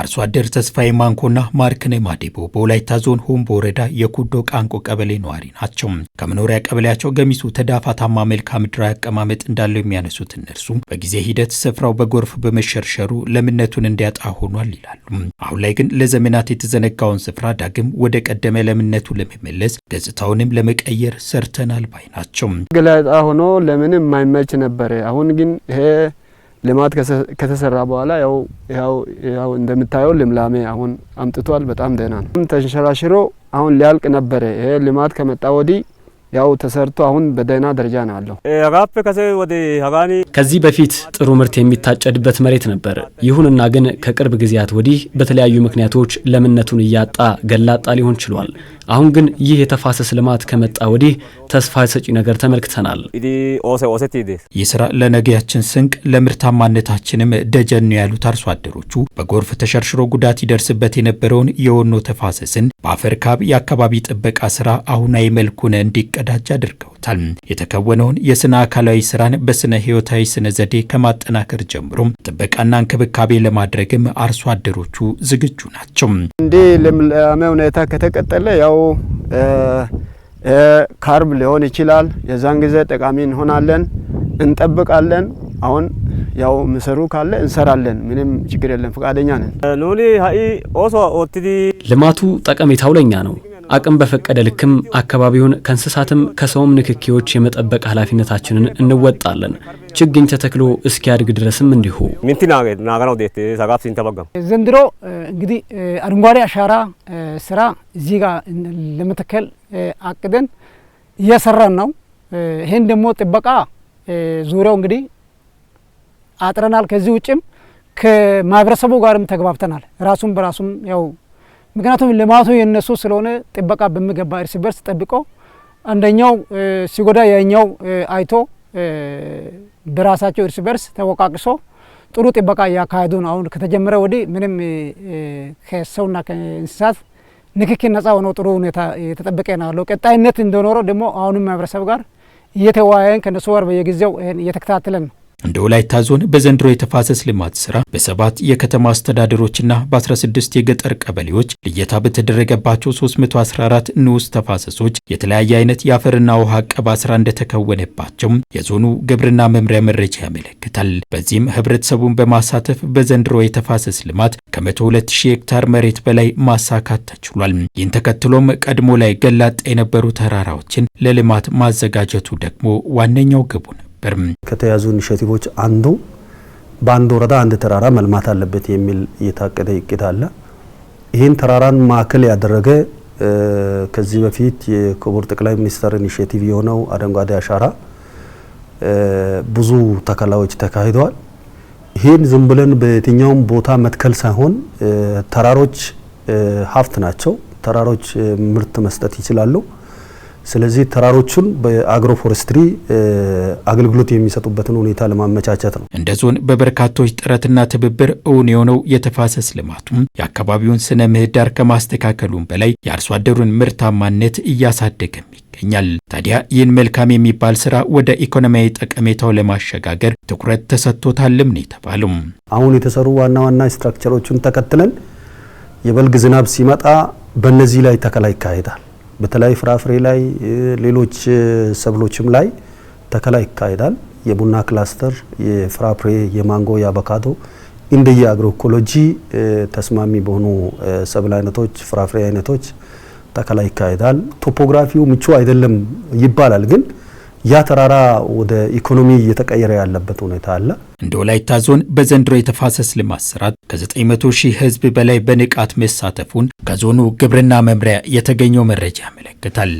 አርሶ አደር ተስፋዬ ማንኮና ማርክነ ማዴቦ በወላይታ ዞን ሁምቦ ወረዳ የኩዶ ቃንቆ ቀበሌ ነዋሪ ናቸው። ከመኖሪያ ቀበሌያቸው ገሚሱ ተዳፋታማ መልክዓ ምድራዊ አቀማመጥ እንዳለው የሚያነሱት እነርሱ በጊዜ ሂደት ስፍራው በጎርፍ በመሸርሸሩ ለምነቱን እንዲያጣ ሆኗል ይላሉ። አሁን ላይ ግን ለዘመናት የተዘነጋውን ስፍራ ዳግም ወደ ቀደመ ለምነቱ ለመመለስ ገጽታውንም ለመቀየር ሰርተናል ባይ ናቸው። ገላጣ ሆኖ ለምንም የማይመች ነበር። አሁን ግን ይሄ ልማት ከተሰራ በኋላ ያው ያው ያው እንደምታየው ልምላሜ አሁን አምጥቷል። በጣም ደህና ነው። ተንሸራሽሮ አሁን ሊያልቅ ነበረ። ይሄ ልማት ከመጣ ወዲህ ያው ተሰርቶ አሁን በደህና ደረጃ ነው ያለው። ራፕ ከዚህ በፊት ጥሩ ምርት የሚታጨድበት መሬት ነበር። ይሁንና ግን ከቅርብ ጊዜያት ወዲህ በተለያዩ ምክንያቶች ለምነቱን እያጣ ገላጣ ሊሆን ችሏል። አሁን ግን ይህ የተፋሰስ ልማት ከመጣ ወዲህ ተስፋ ሰጪ ነገር ተመልክተናል። ይህ ስራ ለነገያችን ስንቅ፣ ለምርታማነታችንም ደጀን ነው ያሉት አርሶ አደሮቹ በጎርፍ ተሸርሽሮ ጉዳት ይደርስበት የነበረውን የወኖ ተፋሰስን በአፈርካብ ካብ የአካባቢ ጥበቃ ስራ አሁናዊ መልኩን እንዲቀ እንዲቀዳጅ አድርገውታል። የተከወነውን የስነ አካላዊ ስራን በስነ ህይወታዊ ስነ ዘዴ ከማጠናከር ጀምሮ ጥበቃና እንክብካቤ ለማድረግም አርሶ አደሮቹ ዝግጁ ናቸው። እንዲህ ልምላሜ ሁኔታ ከተቀጠለ ያው ካርብ ሊሆን ይችላል። የዛን ጊዜ ጠቃሚ እንሆናለን፣ እንጠብቃለን። አሁን ያው ምሰሩ ካለ እንሰራለን። ምንም ችግር የለም፣ ፈቃደኛ ነን። ኑኒ ሀይ ኦሶ ኦትዲ ልማቱ ጠቀሜታው ለኛ ነው። አቅም በፈቀደ ልክም አካባቢውን ከእንስሳትም ከሰውም ንክኪዎች የመጠበቅ ኃላፊነታችንን እንወጣለን። ችግኝ ተተክሎ እስኪያድግ ድረስም እንዲሁ። ዘንድሮ እንግዲህ አረንጓዴ አሻራ ስራ እዚህ ጋር ለመተከል አቅደን እየሰራን ነው። ይህን ደግሞ ጥበቃ ዙሪያው እንግዲህ አጥረናል። ከዚህ ውጭም ከማህበረሰቡ ጋርም ተግባብተናል። ራሱም በራሱም ያው ምክንያቱም ልማቱ የነሱ ስለሆነ ጥበቃ በሚገባ እርስ በርስ ጠብቆ አንደኛው ሲጎዳ ያኛው አይቶ በራሳቸው እርስ በርስ ተወቃቅሶ ጥሩ ጥበቃ እያካሄዱ ነው። አሁን ከተጀመረ ወዲህ ምንም ከሰውና ከእንስሳት ንክኪ ነጻ ሆኖ ጥሩ ሁኔታ የተጠበቀ ነው ያለው። ቀጣይነት እንደኖረው ደግሞ አሁንም ማህበረሰብ ጋር እየተወያየን ከነሱ ጋር በየጊዜው እየተከታተለን ነው። እንደ ወላይታ ዞን በዘንድሮ የተፋሰስ ልማት ስራ በሰባት የከተማ አስተዳደሮችና በ16 የገጠር ቀበሌዎች ልየታ በተደረገባቸው 314 ንዑስ ተፋሰሶች የተለያየ አይነት የአፈርና ውሃ አቀባ ስራ እንደተከወነባቸው የዞኑ ግብርና መምሪያ መረጃ ያመለክታል። በዚህም ህብረተሰቡን በማሳተፍ በዘንድሮ የተፋሰስ ልማት ከ102 ሄክታር መሬት በላይ ማሳካት ተችሏል። ይህን ተከትሎም ቀድሞ ላይ ገላጣ የነበሩ ተራራዎችን ለልማት ማዘጋጀቱ ደግሞ ዋነኛው ግቡ ነው። ነበር። ከተያዙ ኢኒሽቲቮች አንዱ በአንድ ወረዳ አንድ ተራራ መልማት አለበት የሚል የታቀደ እቅድ አለ። ይህን ተራራን ማዕከል ያደረገ ከዚህ በፊት የክቡር ጠቅላይ ሚኒስትር ኢኒሽቲቭ የሆነው አረንጓዴ አሻራ ብዙ ተከላዎች ተካሂደዋል። ይህን ዝም ብለን በየትኛውም ቦታ መትከል ሳይሆን ተራሮች ሀብት ናቸው። ተራሮች ምርት መስጠት ይችላሉ። ስለዚህ ተራሮቹን በአግሮ አገልግሎት የሚሰጡበትን ሁኔታ ለማመቻቸት ነው። እንደ ዞን በበርካቶች ጥረትና ትብብር እውን የሆነው የተፋሰስ ልማቱም የአካባቢውን ስነ ምህዳር ከማስተካከሉም በላይ የአርሶ አደሩን ምርታማነት እያሳደገም ይገኛል። ታዲያ ይህን መልካም የሚባል ስራ ወደ ኢኮኖሚያዊ ጠቀሜታው ለማሸጋገር ትኩረት ተሰጥቶታልም ነው የተባሉም። አሁን የተሰሩ ዋና ዋና ስትራክቸሮቹን ተከትለን የበልግ ዝናብ ሲመጣ በእነዚህ ላይ ተከላ ይካሄዳል። በተለያዩ ፍራፍሬ ላይ ሌሎች ሰብሎችም ላይ ተከላ ይካሄዳል። የቡና ክላስተር፣ የፍራፍሬ፣ የማንጎ፣ የአቮካዶ እንደየ አግሮኢኮሎጂ ተስማሚ በሆኑ ሰብል አይነቶች፣ ፍራፍሬ አይነቶች ተከላ ይካሄዳል። ቶፖግራፊው ምቹ አይደለም ይባላል ግን ያ ተራራ ወደ ኢኮኖሚ እየተቀየረ ያለበት ሁኔታ አለ። እንደ ወላይታ ዞን በዘንድሮ የተፋሰስ ልማት ከ900 ሺህ በላይ በንቃት መሳተፉን ከዞኑ ግብርና መምሪያ የተገኘው መረጃ ያመለክታል።